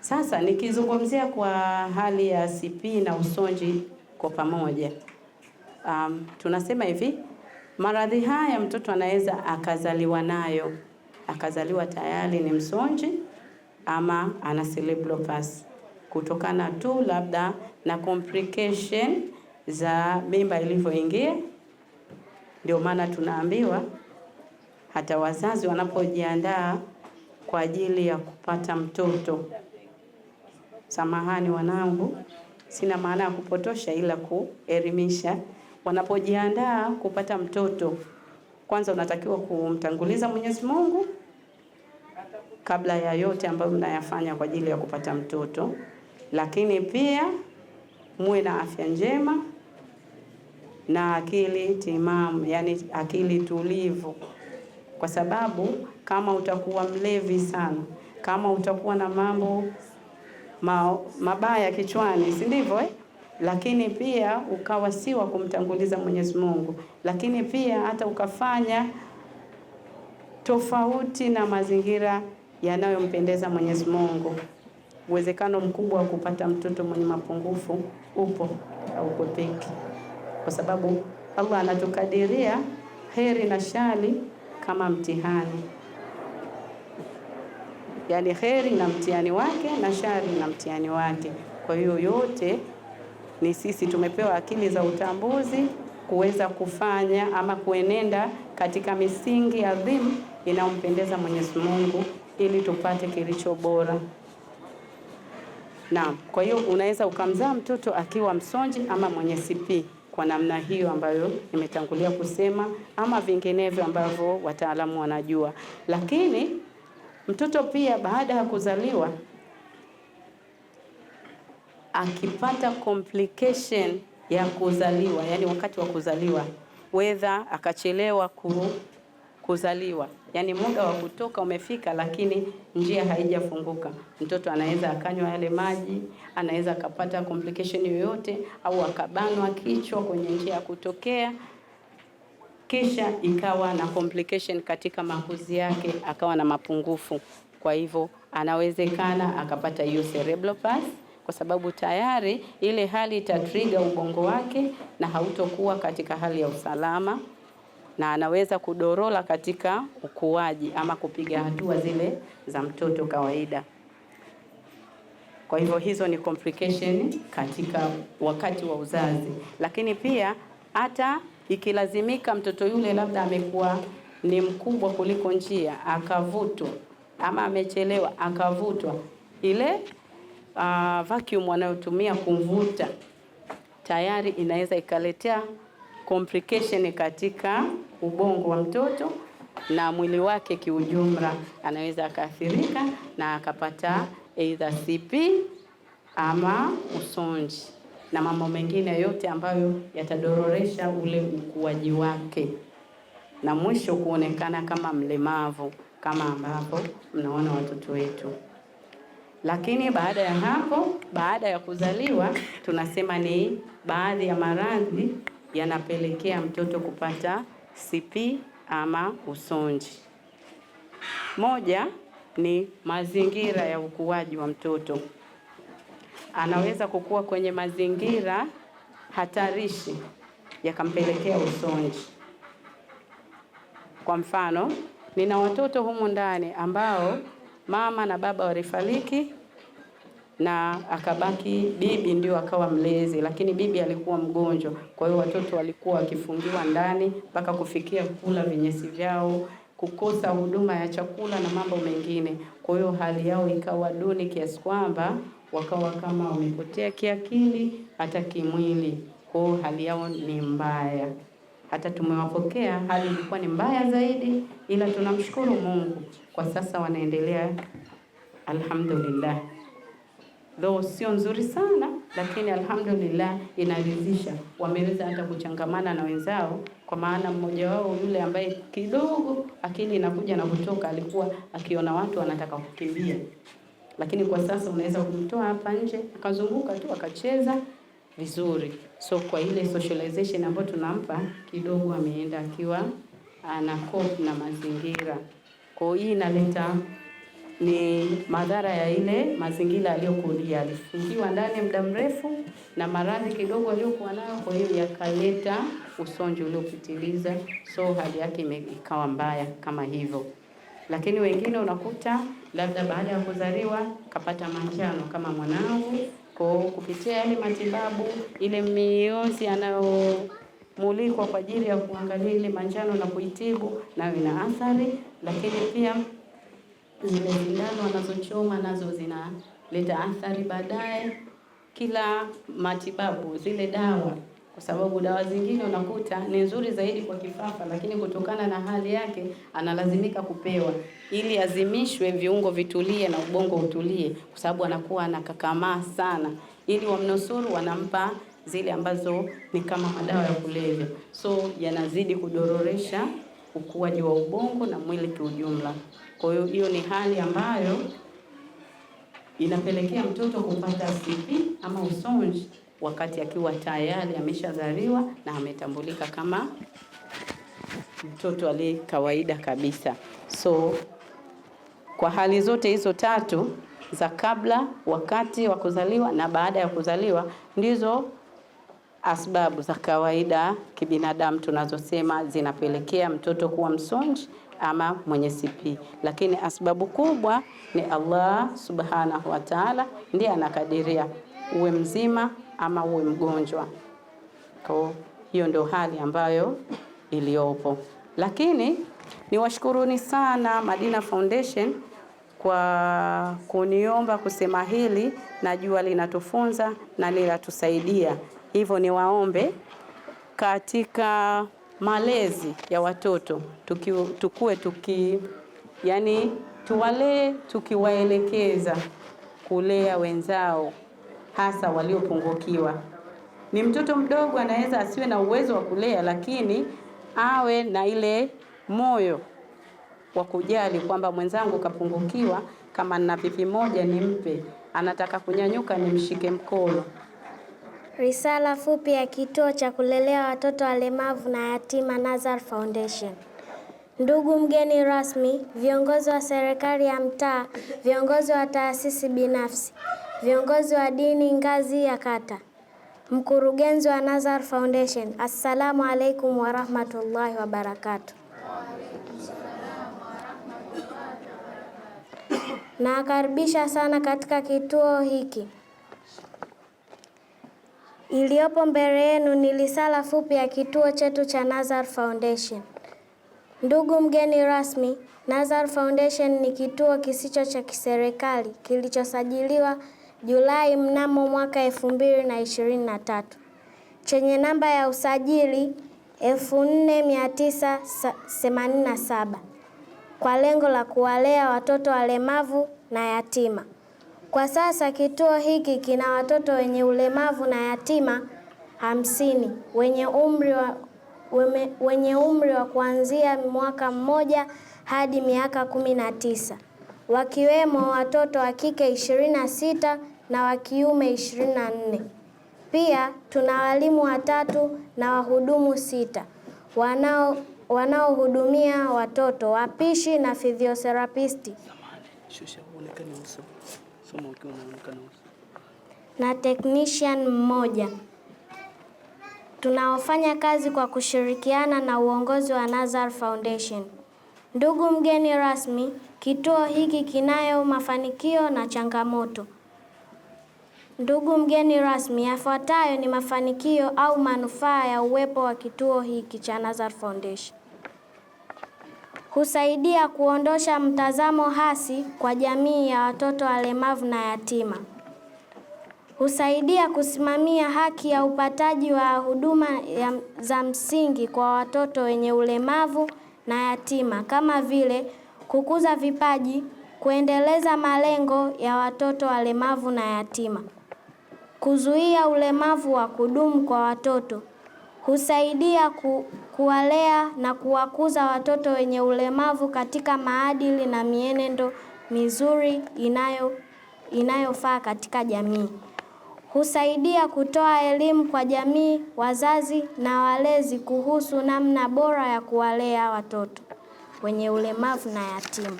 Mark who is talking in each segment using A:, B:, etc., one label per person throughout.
A: Sasa nikizungumzia kwa hali ya CP na usonji kwa pamoja, um, tunasema hivi maradhi haya mtoto anaweza akazaliwa nayo, akazaliwa tayari ni msonji ama ana cerebropathia kutokana tu labda na complication za mimba ilivyoingia. Ndio maana tunaambiwa hata wazazi wanapojiandaa kwa ajili ya kupata mtoto Samahani wanangu, sina maana ya kupotosha, ila kuelimisha. Wanapojiandaa kupata mtoto, kwanza unatakiwa kumtanguliza Mwenyezi Mungu kabla ya yote ambayo mnayafanya kwa ajili ya kupata mtoto, lakini pia muwe na afya njema na akili timamu, yani akili tulivu, kwa sababu kama utakuwa mlevi sana, kama utakuwa na mambo ma, mabaya kichwani, si ndivyo eh? Lakini pia ukawa si wa kumtanguliza Mwenyezi Mungu, lakini pia hata ukafanya tofauti na mazingira yanayompendeza Mwenyezi Mungu, uwezekano mkubwa wa kupata mtoto mwenye mapungufu upo au kupiki kwa sababu Allah anatukadiria heri na shari kama mtihani yale kheri na mtihani wake na shari na mtihani wake. Kwa hiyo yote ni sisi tumepewa akili za utambuzi kuweza kufanya ama kuenenda katika misingi adhimu inayompendeza Mwenyezi Mungu ili tupate kilicho bora. Naam, kwa hiyo unaweza ukamzaa mtoto akiwa msonji ama mwenye CP kwa namna hiyo ambayo nimetangulia kusema ama vinginevyo ambavyo wataalamu wanajua, lakini Mtoto pia baada ya kuzaliwa akipata complication ya kuzaliwa, yani wakati wa kuzaliwa, wedha akachelewa ku, kuzaliwa, yani muda wa kutoka umefika, lakini njia haijafunguka, mtoto anaweza akanywa yale maji, anaweza akapata complication yoyote, au akabanwa kichwa kwenye njia ya kutokea kisha ikawa na complication katika makuzi yake, akawa na mapungufu. Kwa hivyo anawezekana akapata hiyo cerebroplasty kwa sababu tayari ile hali itatriga ubongo wake na hautokuwa katika hali ya usalama, na anaweza kudorola katika ukuaji ama kupiga hatua zile za mtoto kawaida. Kwa hivyo hizo ni complication katika wakati wa uzazi, lakini pia hata ikilazimika mtoto yule labda amekuwa ni mkubwa kuliko njia akavutwa, ama amechelewa akavutwa, ile uh, vacuum wanayotumia kumvuta tayari inaweza ikaletea complication katika ubongo wa mtoto na mwili wake kiujumla, anaweza akaathirika na akapata either CP ama usonji na mambo mengine yote ambayo yatadororesha ule ukuaji wake na mwisho kuonekana kama mlemavu kama ambapo mnaona watoto wetu. Lakini baada ya hapo, baada ya kuzaliwa, tunasema ni baadhi ya maradhi yanapelekea mtoto kupata CP ama usonji. Moja ni mazingira ya ukuaji wa mtoto anaweza kukua kwenye mazingira hatarishi yakampelekea usonji. Kwa mfano, nina watoto humu ndani ambao mama na baba walifariki na akabaki bibi ndio akawa mlezi, lakini bibi alikuwa mgonjwa. Kwa hiyo watoto walikuwa wakifungiwa ndani mpaka kufikia kula vinyesi vyao, kukosa huduma ya chakula na mambo mengine. Kwa hiyo hali yao ikawa duni kiasi kwamba wakawa kama wamepotea kiakili hata kimwili, kwao hali yao ni mbaya. Hata tumewapokea hali ilikuwa ni mbaya zaidi, ila tunamshukuru Mungu kwa sasa wanaendelea, alhamdulillah. Though sio nzuri sana lakini alhamdulillah inaridhisha, wameweza hata kuchangamana na wenzao, kwa maana mmoja wao yule ambaye kidogo akili inakuja na kutoka, alikuwa akiona watu wanataka kukimbia lakini kwa sasa unaweza kumtoa hapa nje akazunguka tu akacheza vizuri. So kwa ile socialization ambayo tunampa kidogo, ameenda akiwa ana cope na mazingira. Kwa hiyo inaleta ni madhara ya ile mazingira aliyokulia. Alifungiwa ndani muda mrefu na maradhi kidogo aliyokuwa nayo, kwa hiyo yakaleta usonji uliopitiliza, so hali yake ikawa mbaya kama hivyo lakini wengine unakuta labda baada ya kuzaliwa kapata manjano kama mwanangu. Kwa kupitia yale matibabu, ile mionzi anayomulikwa kwa ajili ya kuangalia ile manjano na kuitibu, nayo ina athari, lakini pia zile sindano wanazochoma nazo zinaleta athari baadaye. Kila matibabu, zile dawa kwa sababu dawa zingine unakuta ni nzuri zaidi kwa kifafa, lakini kutokana na hali yake analazimika kupewa ili azimishwe, viungo vitulie na ubongo utulie, kwa sababu anakuwa anakakamaa sana. Ili wamnusuru, wanampa zile ambazo ni kama madawa ya kulevya, so yanazidi kudororesha ukuaji wa ubongo na mwili kiujumla. Kwa hiyo hiyo ni hali ambayo inapelekea mtoto kupata CP ama usonji wakati akiwa tayari ameshazaliwa na ametambulika kama mtoto aliye kawaida kabisa. So kwa hali zote hizo tatu za kabla, wakati wa kuzaliwa na baada ya kuzaliwa ndizo asbabu za kawaida kibinadamu tunazosema zinapelekea mtoto kuwa msonji ama mwenye CP, lakini asbabu kubwa ni Allah subhanahu wa ta'ala, ndiye anakadiria uwe mzima ama uwe mgonjwa. Kwa hiyo ndio hali ambayo iliyopo, lakini niwashukuruni sana Madina Foundation kwa kuniomba kusema hili. Najua linatufunza na linatusaidia, hivyo niwaombe katika malezi ya watoto tuki, tukue tuki yani tuwalee tukiwaelekeza kulea wenzao hasa waliopungukiwa. Ni mtoto mdogo anaweza asiwe na uwezo wa kulea, lakini awe na ile moyo wa kujali kwamba mwenzangu kapungukiwa, kama nina pipi moja nimpe, anataka kunyanyuka nimshike mkono.
B: Risala fupi ya kituo cha kulelea watoto walemavu na yatima Nazar Foundation. Ndugu mgeni rasmi, viongozi wa serikali ya mtaa, viongozi wa taasisi binafsi viongozi wa dini ngazi ya kata, mkurugenzi wa Nazar Foundation. Assalamu alaikum warahmatullahi wabarakatu. Nawakaribisha sana katika kituo hiki. Iliyopo mbele yenu ni risala fupi ya kituo chetu cha Nazar Foundation. Ndugu mgeni rasmi, Nazar Foundation ni kituo kisicho cha kiserikali kilichosajiliwa Julai mnamo mwaka na tatu chenye namba ya usajili 4987 kwa lengo la kuwalea watoto walemavu na yatima. Kwa sasa kituo hiki kina watoto wenye ulemavu na yatima hamsini wenye umri wa, wenye umri wa kuanzia mwaka mmoja hadi miaka kumi na tisa wakiwemo watoto wa kike 26 na wa kiume 24. Pia tuna walimu watatu na wahudumu sita wanao wanaohudumia watoto, wapishi na fizioterapisti na technician mmoja tunaofanya kazi kwa kushirikiana na uongozi wa Nazar Foundation. Ndugu mgeni rasmi, kituo hiki kinayo mafanikio na changamoto. Ndugu mgeni rasmi, yafuatayo ni mafanikio au manufaa ya uwepo wa kituo hiki cha Nazar Foundation. Husaidia kuondosha mtazamo hasi kwa jamii ya watoto walemavu na yatima. Husaidia kusimamia haki ya upataji wa huduma ya, za msingi kwa watoto wenye ulemavu na yatima kama vile kukuza vipaji, kuendeleza malengo ya watoto walemavu na yatima kuzuia ulemavu wa kudumu kwa watoto, husaidia ku, kuwalea na kuwakuza watoto wenye ulemavu katika maadili na mienendo mizuri inayo inayofaa katika jamii. Husaidia kutoa elimu kwa jamii, wazazi na walezi kuhusu namna bora ya kuwalea watoto wenye ulemavu na yatima.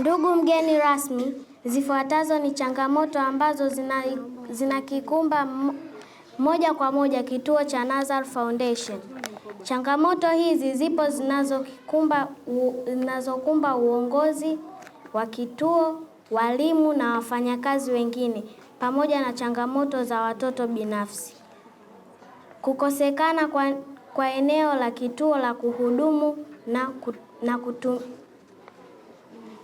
B: Ndugu mgeni rasmi, Zifuatazo ni changamoto ambazo zinakikumba zina moja kwa moja kituo cha Nazar Foundation. Changamoto hizi zipo zinazokumba zinazokumba uongozi wa kituo, walimu na wafanyakazi wengine pamoja na changamoto za watoto binafsi. Kukosekana kwa, kwa eneo la kituo la kuhudumu na, na kutu,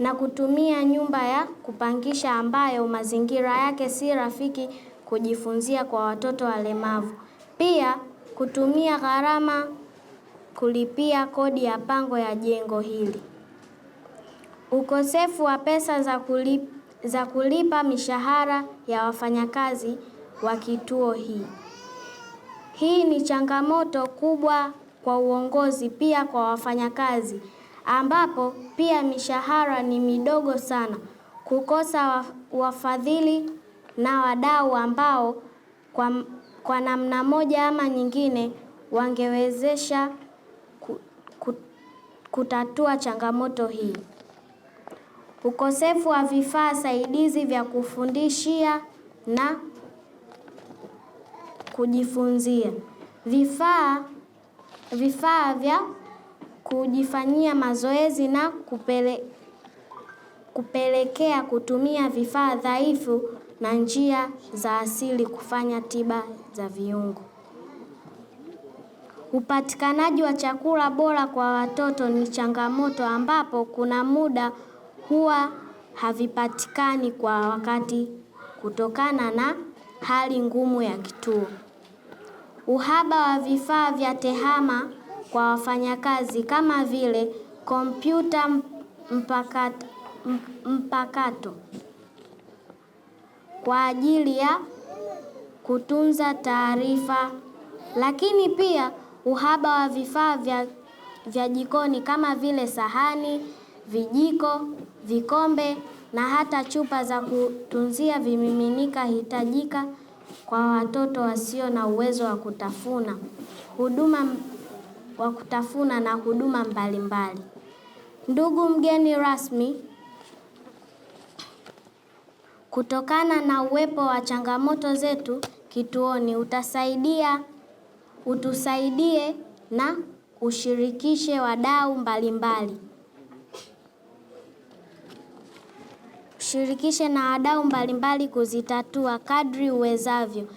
B: na kutumia nyumba ya kupangisha ambayo mazingira yake si rafiki kujifunzia kwa watoto walemavu. Pia kutumia gharama kulipia kodi ya pango ya jengo hili. Ukosefu wa pesa za kulipa, za kulipa mishahara ya wafanyakazi wa kituo hii. Hii ni changamoto kubwa kwa uongozi pia kwa wafanyakazi ambapo pia mishahara ni midogo sana, kukosa wafadhili na wadau ambao kwa, kwa namna moja ama nyingine wangewezesha kutatua changamoto hii. Ukosefu wa vifaa saidizi vya kufundishia na kujifunzia. Vifaa vifaa vya kujifanyia mazoezi na kupele, kupelekea kutumia vifaa dhaifu na njia za asili kufanya tiba za viungo. Upatikanaji wa chakula bora kwa watoto ni changamoto ambapo kuna muda huwa havipatikani kwa wakati kutokana na hali ngumu ya kituo. Uhaba wa vifaa vya tehama kwa wafanyakazi kama vile kompyuta mpakato, mpakato kwa ajili ya kutunza taarifa, lakini pia uhaba wa vifaa vya, vya jikoni kama vile sahani, vijiko, vikombe na hata chupa za kutunzia vimiminika hitajika kwa watoto wasio na uwezo wa kutafuna. Huduma wa kutafuna na huduma mbalimbali. Ndugu mgeni rasmi, kutokana na uwepo wa changamoto zetu kituoni, utasaidia utusaidie na ushirikishe wadau mbalimbali ushirikishe na wadau mbalimbali kuzitatua kadri uwezavyo,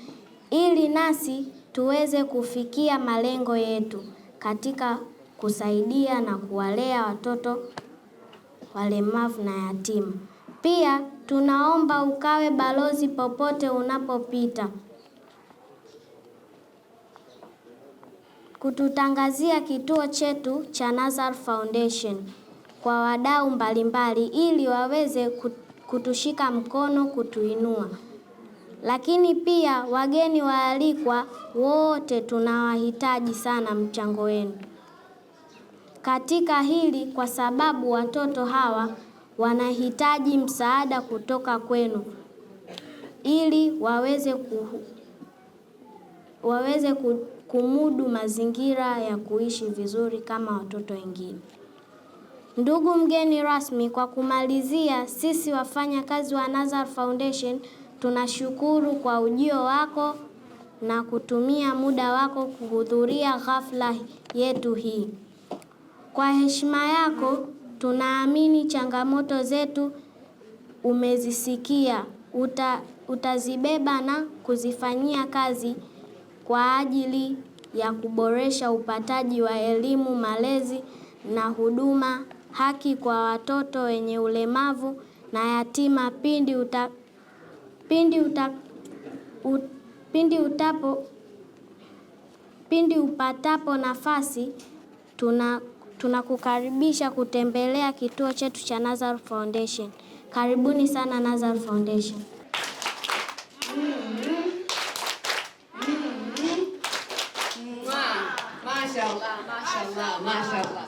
B: ili nasi tuweze kufikia malengo yetu katika kusaidia na kuwalea watoto walemavu na yatima. Pia tunaomba ukawe balozi popote unapopita, kututangazia kituo chetu cha Nazar Foundation kwa wadau mbalimbali ili waweze kutushika mkono, kutuinua lakini pia wageni waalikwa wote tunawahitaji sana mchango wenu katika hili, kwa sababu watoto hawa wanahitaji msaada kutoka kwenu ili waweze, ku, waweze ku, kumudu mazingira ya kuishi vizuri kama watoto wengine. Ndugu mgeni rasmi, kwa kumalizia, sisi kazi wa Nazar Foundation Tunashukuru kwa ujio wako na kutumia muda wako kuhudhuria ghafla yetu hii. Kwa heshima yako, tunaamini changamoto zetu umezisikia, uta, utazibeba na kuzifanyia kazi kwa ajili ya kuboresha upataji wa elimu, malezi na huduma haki kwa watoto wenye ulemavu na yatima pindi uta pindi, uta, ut, pindi, utapo, pindi upatapo nafasi tuna tunakukaribisha kutembelea kituo chetu cha Nazar Foundation. Karibuni sana Nazar Foundation. Mm-hmm. Mm-hmm. Mm-hmm. Mashallah, mashallah, mashallah.